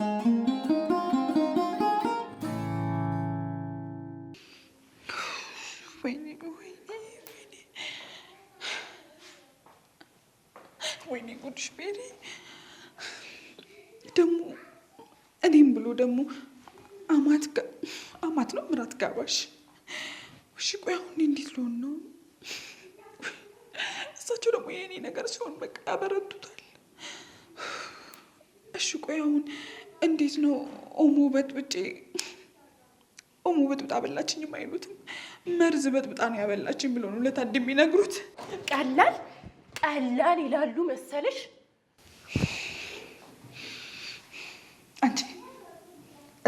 ወይኔ ጉድሽ ቤሪ ደግሞ እኔም ብሎ ደግሞ አማት አማት ነው ምራት ጋባሽ። እሺ ቆይ አሁን እንዴት ልሆን ነው? እሳቸው ደግሞ የእኔ ነገር ሲሆን በቃ ያበረቱታል። እሺ ቆይ አሁን እንዴት ነው ኦሞ በጥብጬ ኦሞ በጥብጣ በላችኝም አይሉትም። መርዝ በጥብጣ ነው ያበላችኝ ብሎ ነው ለታድ የሚነግሩት። ቀላል ቀላል ይላሉ መሰለሽ። አንቺ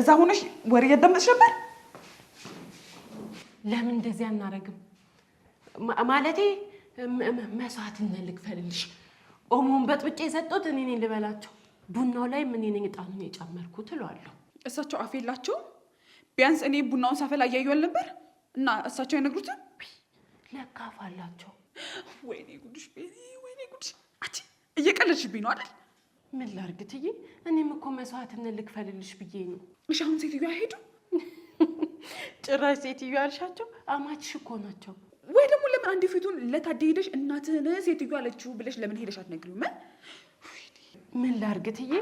እዛ ሆነሽ ወሬ እያዳመጥሽ ነበር። ለምን እንደዚህ አናረግም? ማለቴ መስዋዕትነት ልክፈልልሽ። ኦሞን በጥብጬ የሰጡት እኔ ልበላቸው ቡናው ላይ ምን ነኝ እጣኑን የጨመርኩት ትሏለሁ። እሳቸው አፍ የላቸውም። ቢያንስ እኔ ቡናውን ሳፈላ እያየዋል ነበር እና እሳቸው አይነግሩትም። ለካ አፍ አላቸው። ወይኔ ጉድሽ፣ ወይኔ ጉድሽ። አንቺ እየቀለድሽብኝ ነው አይደል? ምን ላድርግ ትዬ፣ እኔም እኮ መስዋዕትነት ልክፈልልሽ ብዬ ነው። እሺ አሁን ሴትዮዋ ሄዱ። ጭራሽ ሴትዮዋ አልሻቸው አማችሽ እኮ ናቸው። ወይ ደግሞ ለምን አንድ ፊቱን ለታዴ ሄደሽ እናትህን ሴትዮዋ አለችው ብለሽ ለምን ሄደሽ አትነግሪውም? ምን ላርግትዬ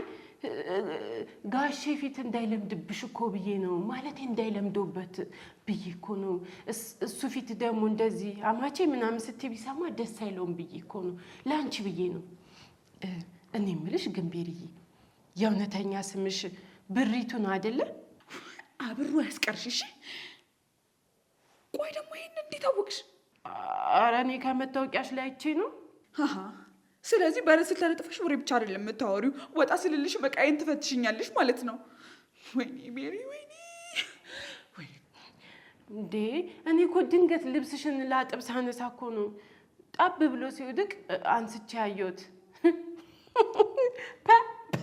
ጋሼ ፊት እንዳይለምድብሽ እኮ ብዬ ነው ማለት እንዳይለምዶበት ብዬ እኮ ነው። እሱ ፊት ደግሞ እንደዚህ አማቼ ምናምን ስትይ ቢሰማ ደስ አይለውም ብዬ እኮ ነው። ለአንቺ ብዬ ነው። እኔ ምልሽ ግንቤርዬ፣ የእውነተኛ ስምሽ ብሪቱ ነው አደለ? አብሮ ያስቀርሽሽ። ቆይ ደግሞ ይህን እንዴት አወቅሽ? ኧረ እኔ ከመታወቂያሽ ላይ አይቼ ነው። ስለዚህ በረስል ተለጥፈሽ ወሬ ብቻ አይደለም የምታወሪው፣ ወጣ ስልልሽ መቃየን ትፈትሽኛለሽ ማለት ነው። ወይኔ ሜሪ፣ ወይኔ እንዴ! እኔ እኮ ድንገት ልብስሽን ላጥብ ሳነሳ እኮ ነው ጣብ ብሎ ሲውድቅ አንስቼ ያየሁት።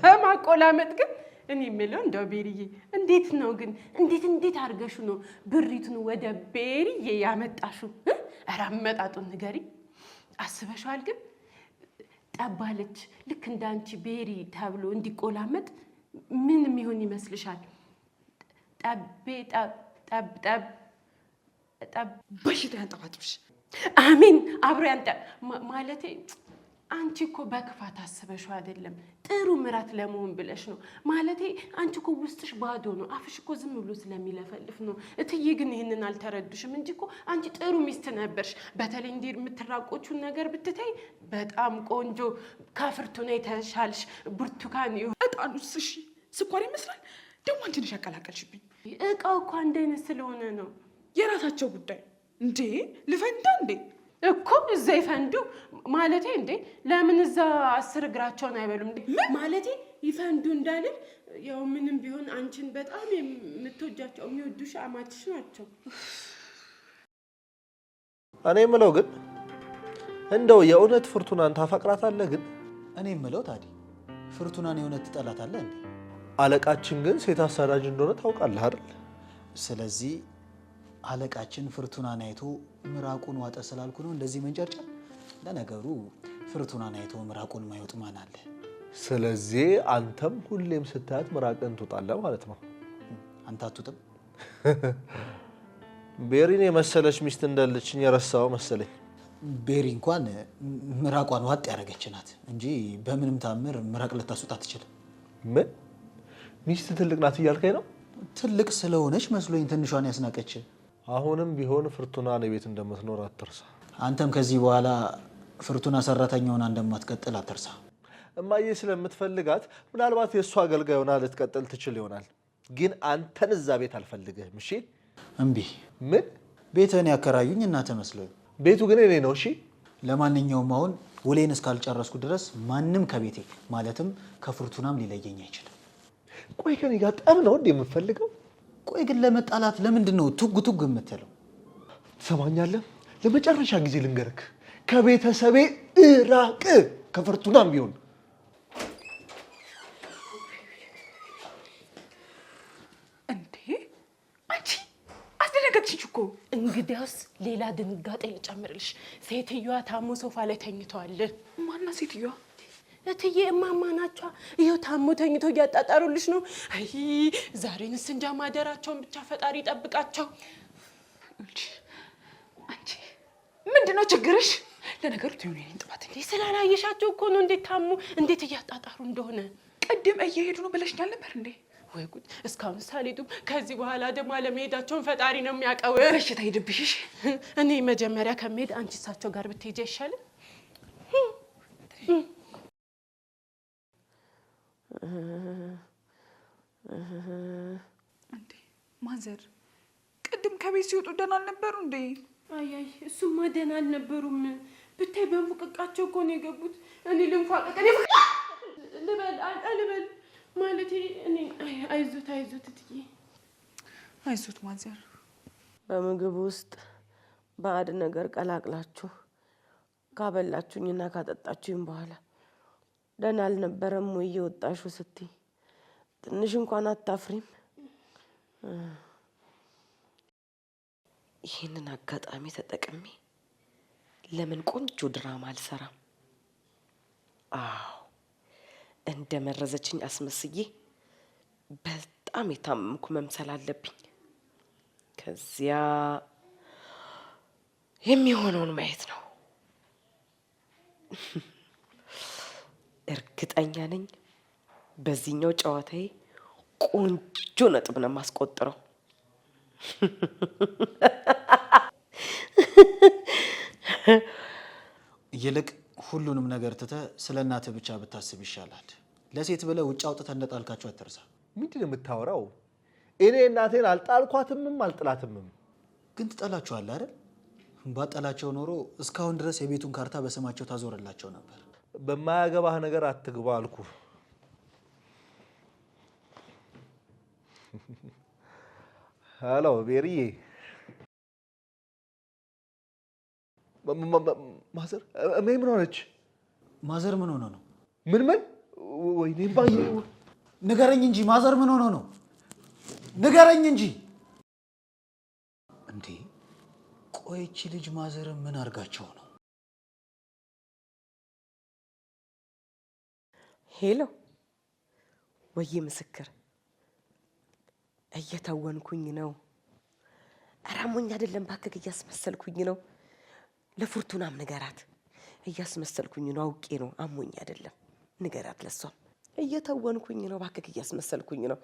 በማቆላመጥ ግን እኔ የምለው እንደው ቤሪዬ፣ እንዴት ነው ግን እንዴት እንዴት አድርገሹ ነው ብሪቱን ወደ ቤሪዬ ያመጣሹ? ኧረ አመጣጡን ንገሪ። አስበሽዋል ግን ጠባለች ልክ እንደ አንቺ ቤሪ ተብሎ እንዲቆላመጥ ምን የሚሆን ይመስልሻል? ጠቤ ጠብጠብ ጠብ በሽታ ያንጠባጥብሽ። አሜን አብሮ ያንጠ ማለቴ አንቺ እኮ በክፋት አስበሽው አይደለም፣ ጥሩ ምራት ለመሆን ብለሽ ነው። ማለቴ አንቺ እኮ ውስጥሽ ባዶ ነው፣ አፍሽ እኮ ዝም ብሎ ስለሚለፈልፍ ነው። እትዬ ግን ይህንን አልተረዱሽም እንጂ እኮ አንቺ ጥሩ ሚስት ነበርሽ። በተለይ እንዲህ የምትራቆቹን ነገር ብትተይ በጣም ቆንጆ፣ ከፍርቱና የተሻልሽ ብርቱካን ይሆ እጣን ውስጥ እሺ፣ ስኳር ይመስላል ደግሞ አንቺ ነሽ ያቀላቀልሽብኝ። እቃው እኮ አንድ አይነት ስለሆነ ነው የራሳቸው ጉዳይ። እንዴ ልፈንዳ እንዴ እኮ እዛ ይፈንዱ ማለቴ እንዴ ለምን እዛ አስር እግራቸውን አይበሉም እንዴ ማለቴ ይፈንዱ እንዳልን ያው ምንም ቢሆን አንቺን በጣም የምትወጃቸው የሚወዱሽ አማችሽ ናቸው እኔ የምለው ግን እንደው የእውነት ፍርቱናን ታፈቅራታለህ ግን እኔ የምለው ታዲ ፍርቱናን የእውነት ትጠላታለህ እንዴ አለቃችን ግን ሴት አሳዳጅ እንደሆነ ታውቃለህ አይደል ስለዚህ አለቃችን ፍርቱናን አይቶ ምራቁን ዋጠ ስላልኩ ነው እንደዚህ መንጨርጨር። ለነገሩ ፍርቱናን አይቶ ምራቁን ማይወጥ ማን አለ? ስለዚህ አንተም ሁሌም ስታያት ምራቅን ትውጣለህ ማለት ነው። አንተ አትውጥም። ቤሪን የመሰለች ሚስት እንዳለችኝ የረሳው መሰለኝ። ቤሪ እንኳን ምራቋን ዋጥ ያደረገች ናት እንጂ በምንም ታምር ምራቅ ልታስወጣ ትችል። ምን ሚስት ትልቅ ናት እያልከኝ ነው? ትልቅ ስለሆነች መስሎኝ ትንሿን ያስናቀች አሁንም ቢሆን ፍርቱና እኔ ቤት እንደምትኖር አትርሳ። አንተም ከዚህ በኋላ ፍርቱና ሰራተኛ ሆና እንደማትቀጥል አትርሳ። እማዬ ስለምትፈልጋት ምናልባት የእሱ አገልጋይ ሆና ልትቀጥል ትችል ይሆናል። ግን አንተን እዛ ቤት አልፈልግህም። እሺ? እምቢ። ምን? ቤትህን ያከራዩኝ እናተ ቤቱ ግን እኔ ነው። እሺ? ለማንኛውም አሁን ውሌን እስካልጨረስኩ ድረስ ማንም ከቤቴ ማለትም ከፍርቱናም ሊለየኝ አይችልም። ቆይ ከኔ ጋር ጠብ ነው እንደ የምፈልገው ቆይ ግን ለመጣላት ለምንድን ነው ቱግ ቱግ የምትለው? ትሰማኛለህ? ለመጨረሻ ጊዜ ልንገርክ፣ ከቤተሰቤ እራቅ። ከፈርቱናም ቢሆን እንዴ! አንቺ አስደነገጥሽኝ እኮ። እንግዲያውስ ሌላ ድንጋጤ ልጨምርልሽ። ሴትዮዋ ታሞ ሶፋ ላይ ተኝተዋል። ማና ሴትዮዋ? እትዬ እማማ ናቸው። ይኸው ታሞ ተኝቶ እያጣጣሩልሽ ነው። አይ ዛሬን ስንጃ ማደራቸውን ብቻ ፈጣሪ ይጠብቃቸው። አንቺ ምንድን ነው ችግርሽ? ለነገሩ ትሆን ጥባት እንዴ? ስላላየሻቸው እኮ ነው። እንዴት ታሙ እንዴት እያጣጣሩ እንደሆነ ቅድም እየሄዱ ነው ብለሽኛል ነበር እንዴ? ወይ ጉድ! እስካሁን ሳልሄዱም ከዚህ በኋላ ደግሞ አለመሄዳቸውን ፈጣሪ ነው የሚያውቀው። በሽታ ሄድብሽሽ። እኔ መጀመሪያ ከመሄድ አንቺ እሳቸው ጋር ብትሄጃ ይሻልም። እንዴ ማዘር ቅድም ከቤት ሲወጡ ደህና አልነበሩ እንዴ? አያይ እሱማ ደህና አልነበሩም። ብታይ በንፉቅቃቸው እኮ ነው የገቡት። እኔ ልንፏቀቅ ልበል አልበል ማለት እኔ አይዞት አይዞት እትዬ አይዞት ማዘር። በምግብ ውስጥ ባዕድ ነገር ቀላቅላችሁ ካበላችሁኝና ካጠጣችሁኝ በኋላ ደህና አልነበረም ወይ እየወጣሹ ስትይ ትንሽ እንኳን አታፍሪም? ይህንን አጋጣሚ ተጠቅሜ ለምን ቆንጆ ድራማ አልሰራም? አዎ እንደ መረዘችኝ አስመስዬ በጣም የታመምኩ መምሰል አለብኝ። ከዚያ የሚሆነውን ማየት ነው። እርግጠኛ ነኝ በዚህኛው ጨዋታዬ ቆንጆ ነጥብ ነው የማስቆጥረው። ይልቅ ሁሉንም ነገር ትተ ስለ እናተ ብቻ ብታስብ ይሻላል። ለሴት ብለ ውጭ አውጥተ እንደጣልካቸው አትርሳ። ምንድን የምታወራው? እኔ እናቴን አልጣልኳትምም አልጥላትምም። ግን ትጠላችኋል አይደል? ባጠላቸው ኖሮ እስካሁን ድረስ የቤቱን ካርታ በስማቸው ታዞረላቸው ነበር። በማያገባህ ነገር አትግባ አልኩ። ሄሎ ቤርዬ ማዘር እሜ ምን ሆነች? ማዘር ምን ሆነ ነው? ምን ምን? ወይኔ ባዬ ንገረኝ እንጂ ማዘር ምን ሆነ ነው? ንገረኝ እንጂ እንዴ! ቆይቺ ልጅ ማዘር ምን አድርጋቸው ነው? ሄሎ ወይ ምስክር እየተወንኩኝ ነው። እራሞኝ አይደለም ባክክ፣ እያስመሰልኩኝ ነው። ለፉርቱናም ንገራት፣ እያስመሰልኩኝ ነው። አውቄ ነው፣ አሞኝ አይደለም። ንገራት፣ ለሷም እየተወንኩኝ ነው። ባክክ፣ እያስመሰልኩኝ ነው።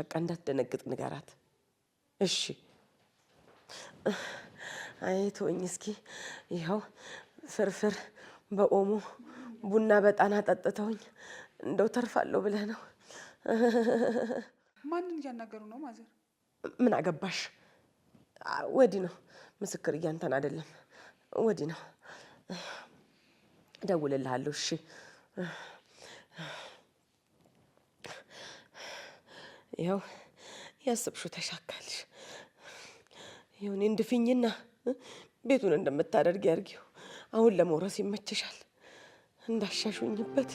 በቃ እንዳትደነግጥ ንገራት። እሺ፣ አይቶኝ እስኪ ይኸው ፍርፍር በኦሞ ቡና በጣና ጠጥተውኝ እንደው ተርፋለሁ ብለህ ነው? ማንን እያናገሩ ነው? ማዘር ምን አገባሽ? ወዲ ነው። ምስክር እያንተን አይደለም፣ ወዲ ነው። እደውልልሃለሁ። እሺ ይኸው ያስብሹ ተሻካልሽ። ይሁን እንድፍኝና ቤቱን እንደምታደርግ ያርጊው። አሁን ለመውረስ ይመችሻል። እንዳሻሹኝበት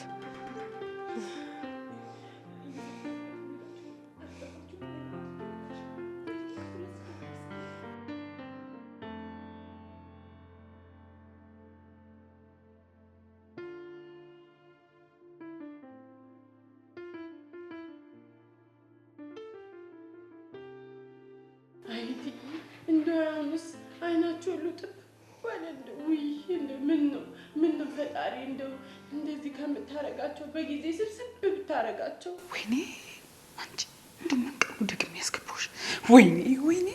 ብታረጋቸው በጊዜ ስብስብ ብታረጋቸው። ወይኔ አንቺ እንድንቀቡ ደግሜ ያስገባሽ። ወይኔ ወይኔ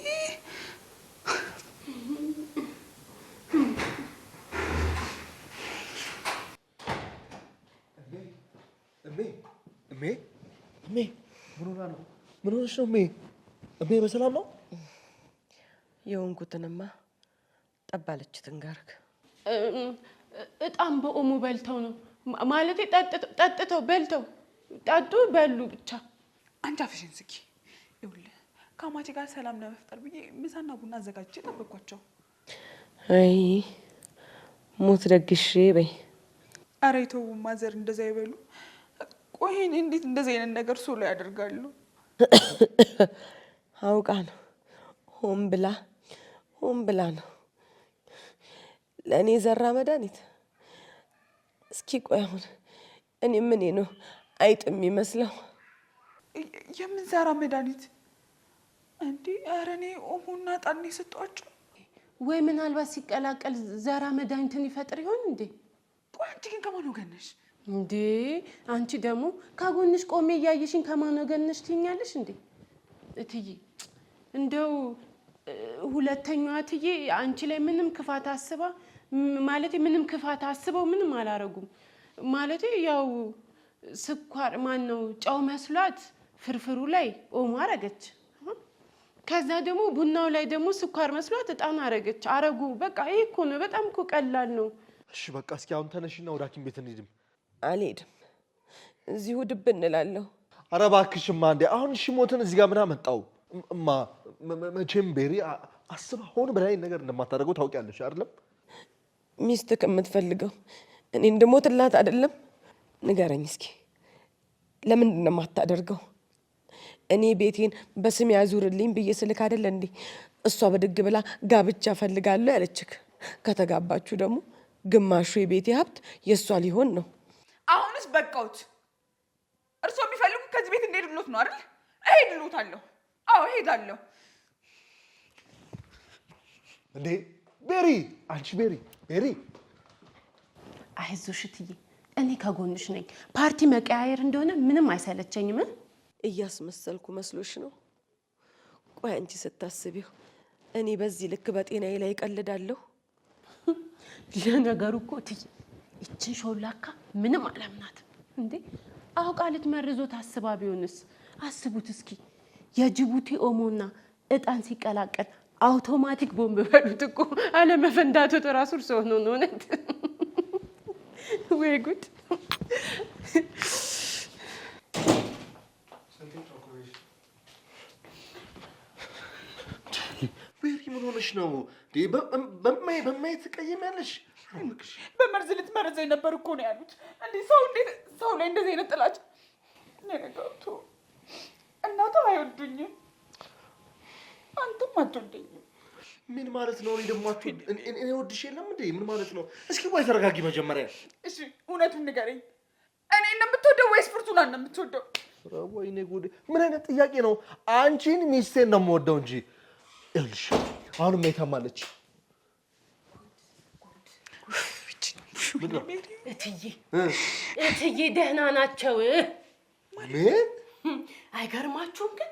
ምን ሆነሽ ነው? እሜ በሰላም ነው የሆንኩትንማ ጠባለችትን ጋርግ እጣም በኦሙ በልተው ነው ማለቴ ጠጥተው በልተው ጠጡ በሉ ብቻ። አንቺ አፍሽን ዝጊ። ይኸውልህ ከአማቼ ጋር ሰላም ለመፍጠር ብዬ ምሳና ቡና አዘጋጅቼ ጠበኳቸው። አይ ሞት ደግሽ በይ። ኧረ ተው ማዘር፣ እንደዛ ይበሉ። ቆይ እንዴት እንደዚህ አይነት ነገር ሶሎ ያደርጋሉ? አውቃ ነው፣ ሆን ብላ ሆን ብላ ነው ለእኔ ዘራ መድኃኒት እስኪ ቆይ አሁን እኔ ምን ነው አይጥ የሚመስለው? የምንሰራ መድኃኒት እንዲ ኧረ እኔ ኦሞና ጣኔ ስጧቸው ወይ ምናልባት ሲቀላቀል ዘራ መድኃኒትን ይፈጥር ይሆን እንዴ? ቆይ አንቺ ግን ከማን ወገነሽ እንዴ? አንቺ ደግሞ ከጎንሽ ቆሜ እያየሽኝ ከማን ወገነሽ ትይኛለሽ እንዴ? እትዬ እንደው ሁለተኛዋ እትዬ አንቺ ላይ ምንም ክፋት አስባ ማለት ምንም ክፋት አስበው ምንም አላረጉም። ማለት ያው ስኳር ማን ነው ጨው መስሏት ፍርፍሩ ላይ ኦሞ አረገች። ከዛ ደግሞ ቡናው ላይ ደግሞ ስኳር መስሏት እጣን አረገች። አረጉ በቃ ይህ እኮ ነው። በጣም እኮ ቀላል ነው። እሺ በቃ እስኪ አሁን ተነሽና ወደ ሐኪም ቤት እንሂድም። አልሄድም፣ እዚሁ ድብ እንላለሁ። አረባክሽማ እባክሽ እንዴ! አሁን እሺ ሞትን እዚህ ጋር ምን አመጣው? እማ መቼም ቤሪ አስብ፣ አሁን በላይ ነገር እንደማታደርገው ታውቂያለሽ አይደለም? ሚስት ከምትፈልገው እኔ እንደሞትላት አይደለም? ንገረኝ እስኪ ለምንድን ነው የማታደርገው? እኔ ቤቴን በስም ያዙርልኝ ብዬ ስልክ አይደለ እንዴ? እሷ በድግ ብላ ጋብቻ ፈልጋለሁ ያለችክ። ከተጋባችሁ ደግሞ ግማሹ የቤቴ ሀብት የእሷ ሊሆን ነው። አሁንስ በቃውት። እርሶ የሚፈልጉ ከዚህ ቤት እንደሄድሎት ነው አይደል? እሄድሎታለሁ። አዎ እሄዳለሁ እንዴ ቤሪ፣ አንቺ ቤሪ፣ ቤሪ አይዞሽ እትዬ፣ እኔ ከጎንሽ ነኝ። ፓርቲ መቀያየር እንደሆነ ምንም አይሰለቸኝም። እያስመሰልኩ መስሎሽ ነው? ቆይ አንቺ ስታስቢው እኔ በዚህ ልክ በጤናዬ ላይ እቀልዳለሁ? ለነገሩ እኮ እትዬ ይችን ሾላካ ምንም አላምናትም። እንዴ አውቃ ልትመርዞት አስባ ቢሆንስ? አስቡት እስኪ የጅቡቲ ኦሞና እጣን ሲቀላቀል አውቶማቲክ ቦምብ በሉት እኮ አለመፈንዳቱ እራሱ እርስ ሆኖ ነው። እውነት ወይ ጉድ! ቤሪ ምን ሆነሽ ነው? በማየት ትቀይሚያለሽ? በመርዝ ልትመርዘኝ ነበር እኮ ነው ያሉት። እንዴት ሰው እንዴት ሰው ላይ እንደዚህ አይነት ጥላቻ እናቷ አይወዱኝም አንተም አትወደኝ። ምን ማለት ነው? እኔ ደግሞ እኔ ወድሽ የለም እንዴ? ምን ማለት ነው? እስኪ ወይ ተረጋጊ መጀመሪያ። እሺ እውነቱን ንገረኝ፣ እኔ እንደምትወደው ወይስ ፍርቱና እንደምትወደው? ወይኔ ጉዴ! ምን አይነት ጥያቄ ነው? አንቺን ሚስቴን ነው የምወደው እንጂ ይኸውልሽ፣ አሁንም የታማለች እትዬ እትዬ ደህና ናቸው። ምን አይገርማችሁም? ግን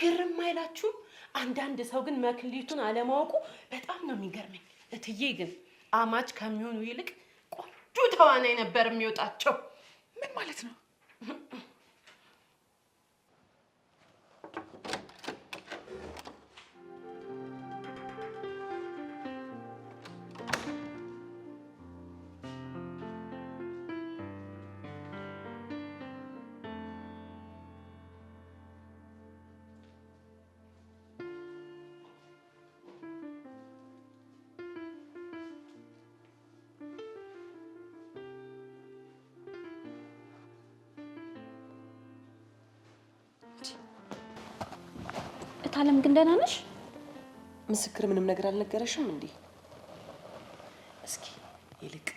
ግርም አይላችሁም? አንዳንድ ሰው ግን መክሊቱን አለማወቁ በጣም ነው የሚገርመኝ። እትዬ ግን አማች ከሚሆኑ ይልቅ ቆንጆ ተዋናይ ነበር የሚወጣቸው። ምን ማለት ነው? አለም ግን ደህና ነሽ? ምስክር ምንም ነገር አልነገረሽም እንዴ? እስኪ ይልቅ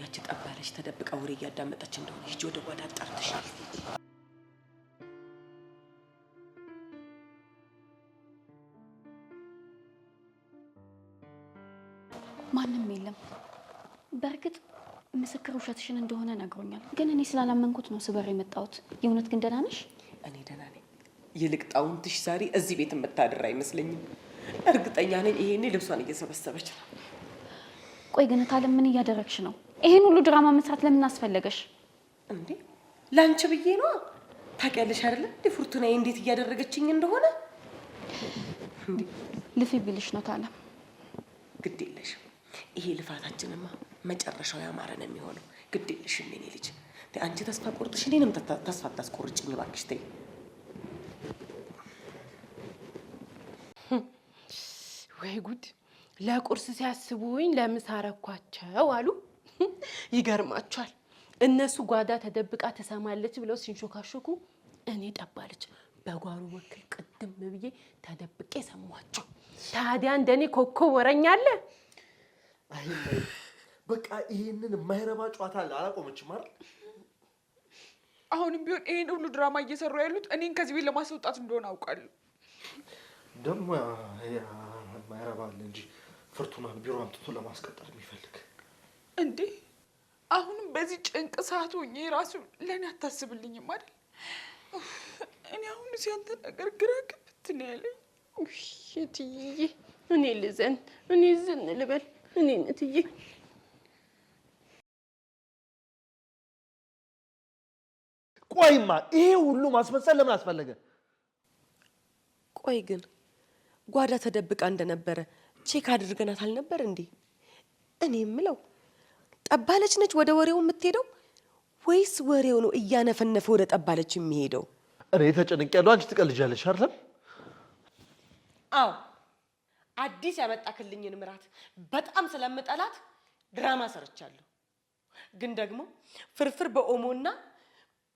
ያቺ ጠባለች ተደብቃ ወሬ እያዳመጠች እንደሆነ ሂጂ ወደ ጓዳ አጣርተሽ ማንም የለም። በእርግጥ ምስክር ውሸትሽን እንደሆነ ነግሮኛል፣ ግን እኔ ስላላመንኩት ነው ስበር የመጣሁት። የእውነት ግን ደህና ነሽ? እኔ ደህና ነኝ። ይልቅ ጣውንትሽ ዛሬ እዚህ ቤት የምታድር አይመስለኝም። እርግጠኛ ነኝ ይሄኔ ልብሷን እየሰበሰበች ነው። ቆይ ግን ታለም ምን እያደረግሽ ነው? ይሄን ሁሉ ድራማ መስራት ለምን አስፈለገሽ እንዴ? ላንቺ ብዬ ነዋ። ታውቂያለሽ አይደለ እንዴ ፉርቱናዬ እንዴት እያደረገችኝ እንደሆነ። ልፊ ቢልሽ ነው ታለም። ግድ የለሽም። ይሄ ልፋታችንማ መጨረሻው ያማረ ነው የሚሆነው። ግድ የለሽም የኔ ልጅ። አንቺ ተስፋ ቆርጥሽ፣ እኔንም ተስፋ ታስቆርጭኝ እባክሽ ተይ። ወይ ጉድ! ለቁርስ ሲያስቡኝ ለምሳ ረኳቸው አሉ። ይገርማቸዋል። እነሱ ጓዳ ተደብቃ ትሰማለች ብለው ሲንሾካሾኩ እኔ ጠባለች በጓሮ በኩል ቅድም ብዬ ተደብቄ ሰሟቸው። ታዲያ እንደኔ ኮከብ ወረኛ አለ? በቃ ይህንን የማይረባ ጨዋታ አለ አላቆመችም አይደል? አሁንም ቢሆን ይህን ሁሉ ድራማ እየሰሩ ያሉት እኔን ከዚህ ቤት ለማስወጣት እንደሆነ አውቃለሁ። ደግሞ የማይረባ እንጂ ፍርቱናን ቢሮ አምጥቶ ለማስቀጠር የሚፈልግ እንዴ? አሁንም በዚህ ጭንቅ ሰዓት ሆኜ ራሱ ለእኔ አታስብልኝም አይደል? እኔ አሁን ሲያንተ ነገር ግራ ግብት ነው ያለኝ። እትዬ እኔ ልዘን፣ እኔ ዝን ልበል፣ እኔ እትዬ ቆይማ፣ ይሄ ሁሉ ማስመሰል ለምን አስፈለገ? ቆይ ግን ጓዳ ተደብቃ እንደነበረ ቼክ አድርገናት አልነበር እንዴ? እኔ የምለው ጠባለች ነች ወደ ወሬው የምትሄደው ወይስ ወሬው ነው እያነፈነፈ ወደ ጠባለች የሚሄደው? እኔ ተጨንቅ ያለው አንቺ ትቀልጃለሽ አይደለም? አዎ አዲስ ያመጣክልኝን ምራት በጣም ስለምጠላት ድራማ ሰርቻለሁ። ግን ደግሞ ፍርፍር በኦሞና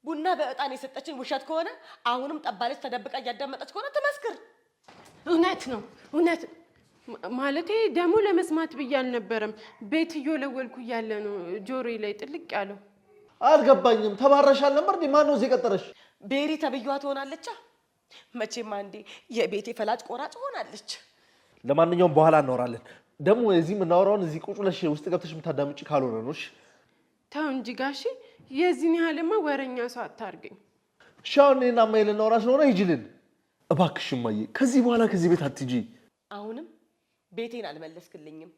ቡና በእጣን የሰጠችን ውሸት ከሆነ አሁንም ጠባለች ተደብቃ እያዳመጠች ከሆነ ትመስክር። እውነት ነው እውነት ማለቴ ደግሞ ለመስማት ብዬ አልነበረም። ቤት እየወለወልኩ እያለ ነው ጆሮ ላይ ጥልቅ ያለው። አልገባኝም። ተባረሻል ነበር እንዴ? ማን ነው እዚህ የቀጠረሽ? ቤሪ ተብያ ትሆናለች። መቼም አንዴ የቤቴ ፈላጭ ቆራጭ ሆናለች። ለማንኛውም በኋላ እናወራለን። ደግሞ እዚህ የምናወራውን እዚህ ቁጭ ብለሽ ውስጥ ገብተሽ የምታዳምጭ ካልሆነ ነው። እሺ ተው እንጂ ጋሺ፣ የዚህን ያህልማ ወረኛ ሰው አታርገኝ። ሻውን ና ማይል እናወራ ስለሆነ ይጅልን እባክሽ እማዬ፣ ከዚህ በኋላ ከዚህ ቤት አትጂ። አሁንም ቤቴን አልመለስክልኝም።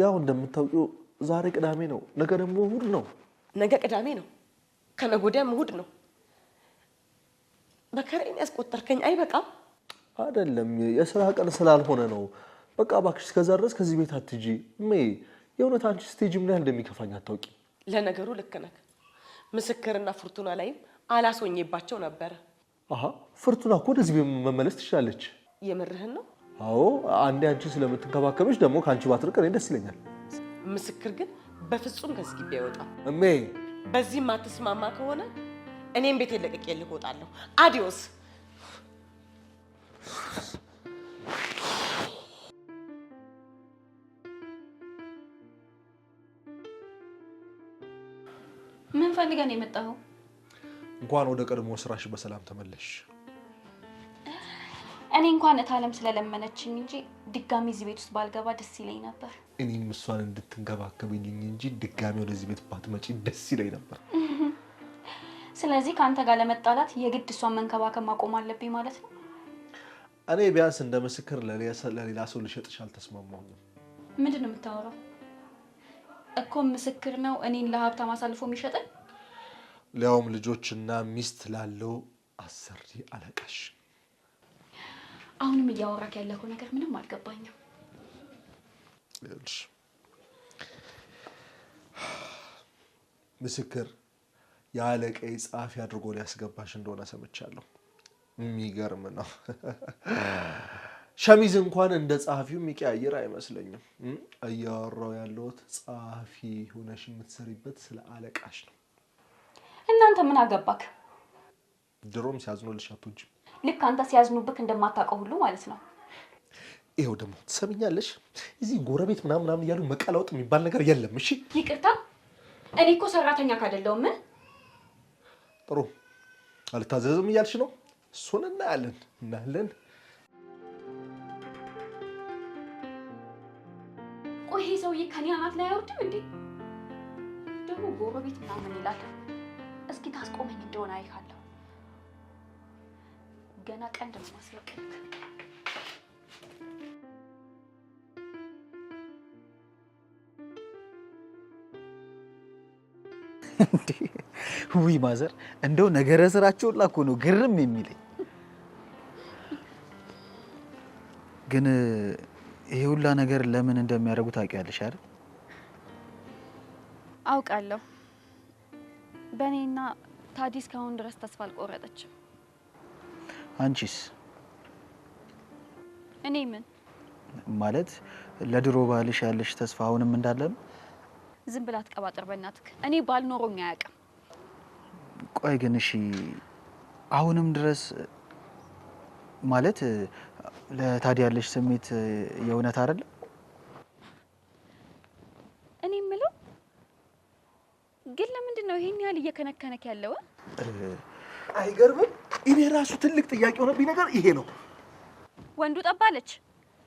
ያው እንደምታውቂው ዛሬ ቅዳሜ ነው፣ ነገ ደግሞ እሑድ ነው። ነገ ቅዳሜ ነው፣ ከነገ ወዲያም ነው። በከረኝ ያስቆጠርከኝ አይበቃም? አይደለም የስራ ቀን ስላልሆነ ነው። በቃ እባክሽ እስከዛ ድረስ ከዚህ ቤት አትጂ። እሜ። የእውነት አንቺ ስቴጅ ምን ያህል እንደሚከፋኝ አታውቂ። ለነገሩ ልክ ነህ። ምስክርና ፍርቱና ላይም አላስወኝባቸው ነበረ አሀ ፍርቱና እኮ ወደዚህ መመለስ ትችላለች። የምርህን ነው? አዎ አንዴ አንቺ ስለምትንከባከበች ደግሞ ከአንቺ ባትርቅ እኔ ደስ ይለኛል። ምስክር ግን በፍጹም ከዚህ ግቢ አይወጣም። እሜ በዚህ ማትስማማ ከሆነ እኔም ቤት ለቅቄ እወጣለሁ። አዲዮስ ምን ፈልገን የመጣኸው? እንኳን ወደ ቀድሞ ስራሽ በሰላም ተመለሽ። እኔ እንኳን እታለም ስለለመነችኝ እንጂ ድጋሚ እዚህ ቤት ውስጥ ባልገባ ደስ ይለኝ ነበር። እኔም እሷን እንድትንከባከብልኝ እንጂ ድጋሚ ወደዚህ ቤት ባትመጪ ደስ ይለኝ ነበር። ስለዚህ ከአንተ ጋር ለመጣላት የግድ እሷን መንከባከብ ማቆም አለብኝ ማለት ነው። እኔ ቢያንስ እንደ ምስክር ለሌላ ሰው ልሸጥሽ አልተስማማሁም። ምንድን ነው የምታወራው? እኮ ምስክር ነው እኔን ለሀብታም አሳልፎ የሚሸጥን ሊያውም ልጆችና ሚስት ላለው አሰሪ አለቃሽ። አሁንም እያወራክ ያለከው ነገር ምንም አልገባኝም። ምስክር የአለቃዬ ጸሐፊ አድርጎ ሊያስገባሽ እንደሆነ ሰምቻለሁ። የሚገርም ነው። ሸሚዝ እንኳን እንደ ጸሐፊው የሚቀያየር አይመስለኝም። እያወራው ያለሁት ጸሐፊ ሆነሽ የምትሰሪበት ስለ አለቃሽ ነው። እናንተ ምን አገባክ? ድሮም ሲያዝኑልሽ አትወጂም። ልክ አንተ ሲያዝኑብክ እንደማታውቀው ሁሉ ማለት ነው። ይኸው ደግሞ ትሰምኛለሽ፣ እዚህ ጎረቤት ምናምን ምናምን እያሉ መቀላወጥ የሚባል ነገር የለም። እሺ ይቅርታ፣ እኔ እኮ ሰራተኛ ካደለውም። ምን ጥሩ አልታዘዝም እያልሽ ነው? እሱን እናያለን እናያለን። ቆይ ይሄ ሰውዬ ከኔ አናት ላይ አይወርድም እንዴ? ደግሞ ጎረቤት ምናምን ይላል። እስኪ ታስቆመኝ እንደሆነ አይካለሁ። ገና ቀንድ ነው ማስለቀቅ። ውይ ማዘር፣ እንደው ነገረ ስራቸውን ላኮ ነው ግርም የሚለኝ። ግን ይሄ ሁላ ነገር ለምን እንደሚያደርጉ ታውቂያለሽ አይደል? አውቃለሁ በእኔና ታዲ እስካሁን ድረስ ተስፋ አልቆረጠችም። አንቺስ? እኔ ምን ማለት ለድሮ ባልሽ ያለሽ ተስፋ አሁንም እንዳለ ነው? ዝም ብላ አትቀባጥር በእናትክ። እኔ ባል ኖሮኝ አያውቅም። ቆይ ግን እሺ፣ አሁንም ድረስ ማለት ለታዲ ያለሽ ስሜት የእውነት አይደለም? እየተከነከነክ ያለው? አይገርምም። እኔ ራሱ ትልቅ ጥያቄ የሆነብኝ ነገር ይሄ ነው። ወንዱ ጠባለች።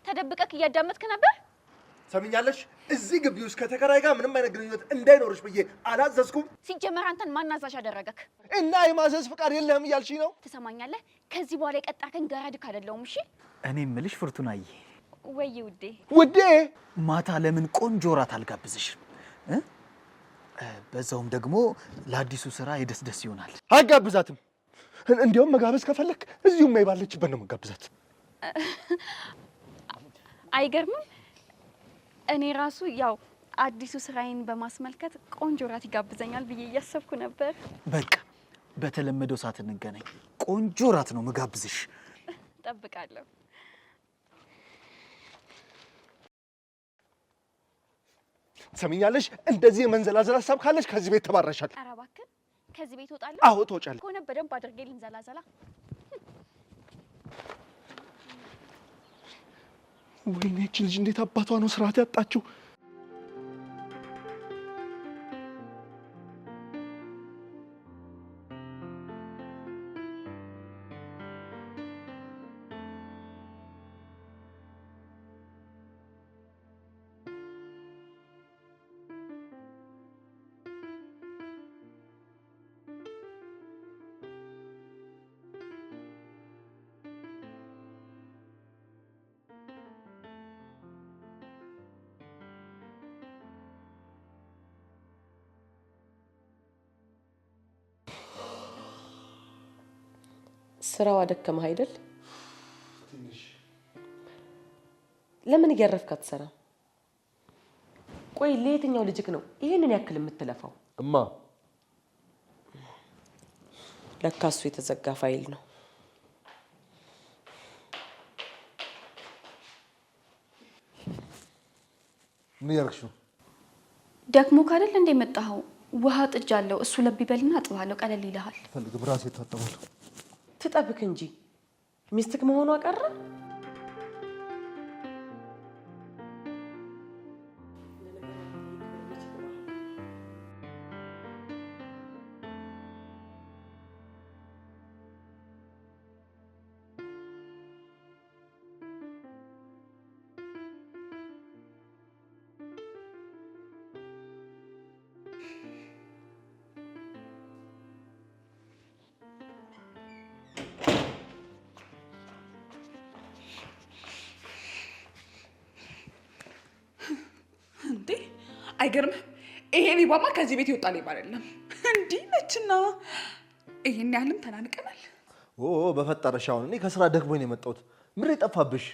ተደብቀክ እያዳመጥክ ነበር። ሰምኛለሽ። እዚህ ግቢ ውስጥ ከተከራይ ጋር ምንም አይነት ግንኙነት እንዳይኖርሽ ብዬ አላዘዝኩም። ሲጀመር አንተን ማናዛሽ አደረገክ እና የማዘዝ ፍቃድ የለህም እያልሽኝ ነው? ትሰማኛለህ? ከዚህ በኋላ የቀጣከኝ ገረድክ አይደለሁም። እሺ። እኔ ምልሽ ፍርቱናዬ። ወይ ውዴ፣ ውዴ፣ ማታ ለምን ቆንጆ እራት አልጋብዝሽም? በዛውም ደግሞ ለአዲሱ ስራ የደስደስ ይሆናል። አይጋብዛትም። እንዲያውም መጋበዝ ከፈለክ እዚሁም ማይ ባለችበት ነው መጋብዛት። አይገርምም? እኔ ራሱ ያው አዲሱ ስራዬን በማስመልከት ቆንጆ ራት ይጋብዘኛል ብዬ እያሰብኩ ነበር። በቃ በተለመደው ሰዓት እንገናኝ። ቆንጆ ራት ነው መጋብዝሽ። ጠብቃለሁ። ሰሚኛለሽ? እንደዚህ የመንዘላዘል ሀሳብ ካለሽ ከዚህ ቤት ተባረሻል። ኧረ እባክህ ከዚህ ቤት እወጣለሁ። አዎ ትወጫለሽ። ከሆነ በደንብ አድርጌ ልንዘላዘላ። ወይኔ ይህች ልጅ እንዴት አባቷ ነው ስርዓት ያጣችው? ስራው አደከመህ አይደል? ለምን እያረፍክ አትሰራም? ቆይ ለየትኛው ልጅክ ነው ይሄንን ያክል የምትለፋው? እማ ለካሱ የተዘጋ ፋይል ነው። ምን እያደረግሽ ነው? ደግሞ ካደል እንደ መጣኸው ውሃ ጥጃ እሱ ለብ ይበልና አጥባለሁ። ቀለል ይልሃል። ፈልግ ብራሴ ታጠባለሁ ትጠብክ እንጂ ሚስትክ መሆኗ ቀረ። አይገርምም? ይሄ ሊባማ ከዚህ ቤት ይወጣል ሌባ አይደለም። እንዲህ ነችና ይሄን ያህልም ተናንቀናል። ኦ በፈጠረሽ አሁን እኔ ከስራ ደክሞኝ ነው የመጣሁት። ምን ጠፋብሽ።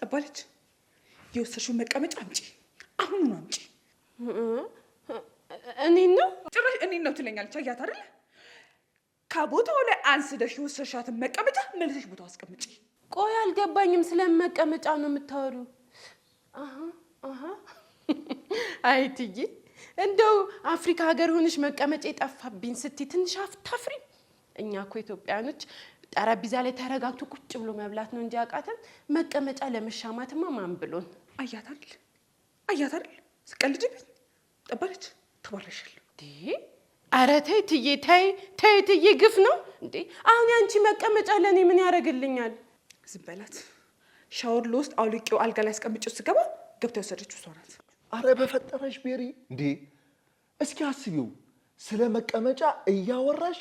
ጠባለች። የወሰድሽውን መቀመጫ አምጪ፣ አሁኑ ነው አምጪ። እኔን ነው ጭራሽ እኔን ነው ትለኛለች። አያት አይደለ? ከቦታው ላይ አንስደሽ የወሰድሻትን መቀመጫ መልሰሽ ቦታው አስቀምጪ። ቆይ አልገባኝም። መቀመጫ ነው የምታወሪው? አይ እንደው አፍሪካ ሀገር ሆነሽ መቀመጫ የጠፋብኝ ስትይ ትንሽ አፍታፍሪ። እኛ እኮ ኢትዮጵያኖች ጠረጴዛ ላይ ተረጋግቶ ቁጭ ብሎ መብላት ነው እንጂ አቃተን መቀመጫ ለመሻማትማ ማን ብሎን። አያታል አያታል ስቀልጅብኝ ጠባለች ተባለሻል። አረ ተይ ትዬ ተይ ተይ ትዬ ግፍ ነው እንዴ! አሁን ያንቺ መቀመጫ ለእኔ ምን ያደርግልኛል? ዝም በላት። ሻወር ልወስድ አውልቄው አልጋ ላይ አስቀምጬው ስገባ ገብታ የወሰደችው እሷ ናት። አረ በፈጠረሽ ቤሪ እንዴ! እስኪ አስቢው። ስለ መቀመጫ እያወራሽ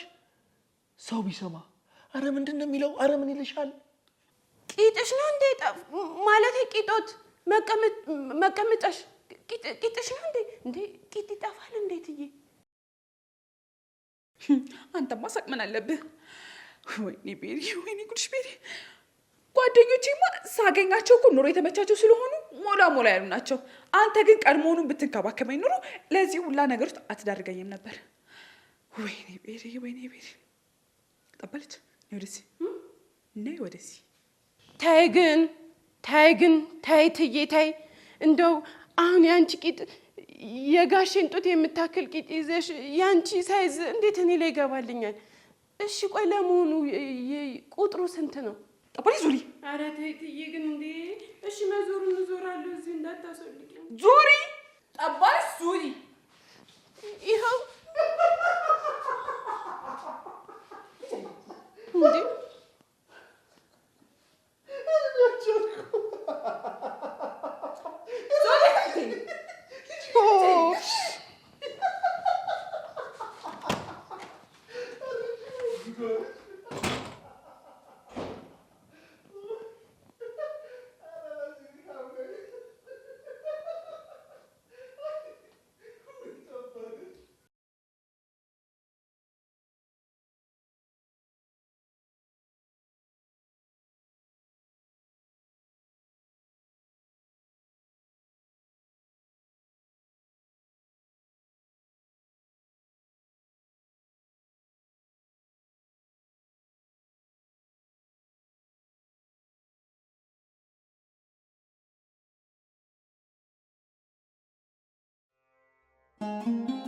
ሰው ቢሰማ አረ ምንድን ነው የሚለው? አረ ምን ይልሻል? ቂጥሽ ነው እንዴ? ማለት ቂጦት መቀመጫሽ ቂጥሽ ነው እንዴ? እንዴ ቂጥ ይጠፋል እንዴትዬ? አንተማ ሰቅመን አለብህ። ወይኔ ቤሪ፣ ወይኔ ጉድሽ ቤሪ ጓደኞቼማ ሳገኛቸው እኮ ኑሮ የተመቻቸው ስለሆኑ ሞላ ሞላ ያሉ ናቸው። አንተ ግን ቀድሞውኑ ብትንከባከበኝ ኑሮ ለዚህ ሁላ ነገር ውስጥ አትዳርገኝም ነበር። ወይኔ ቤሪ፣ ወይኔ ቤሪ። ጠበለች ወደዚህ ነይ፣ ወደዚህ ታይ። ግን ታይ፣ ግን ታይ፣ ትዬ ታይ። እንደው አሁን ያንቺ ቂጥ የጋሽን ጡት የምታክል ቂጥ ይዘሽ ያንቺ ሳይዝ እንዴት እኔ ላይ ይገባልኛል? እሺ ቆይ፣ ለመሆኑ ቁጥሩ ስንት ነው? Απόλυ ዞሪ ኧረ ተይ ትዬ ግን እንዴ! እሺ መዞሩን እዞራለሁ። እዚህ እንዳታስወልቂ። ዞሪ ጠባል ዞሪ። ይኸው እንዴ ዞሪ Thank you.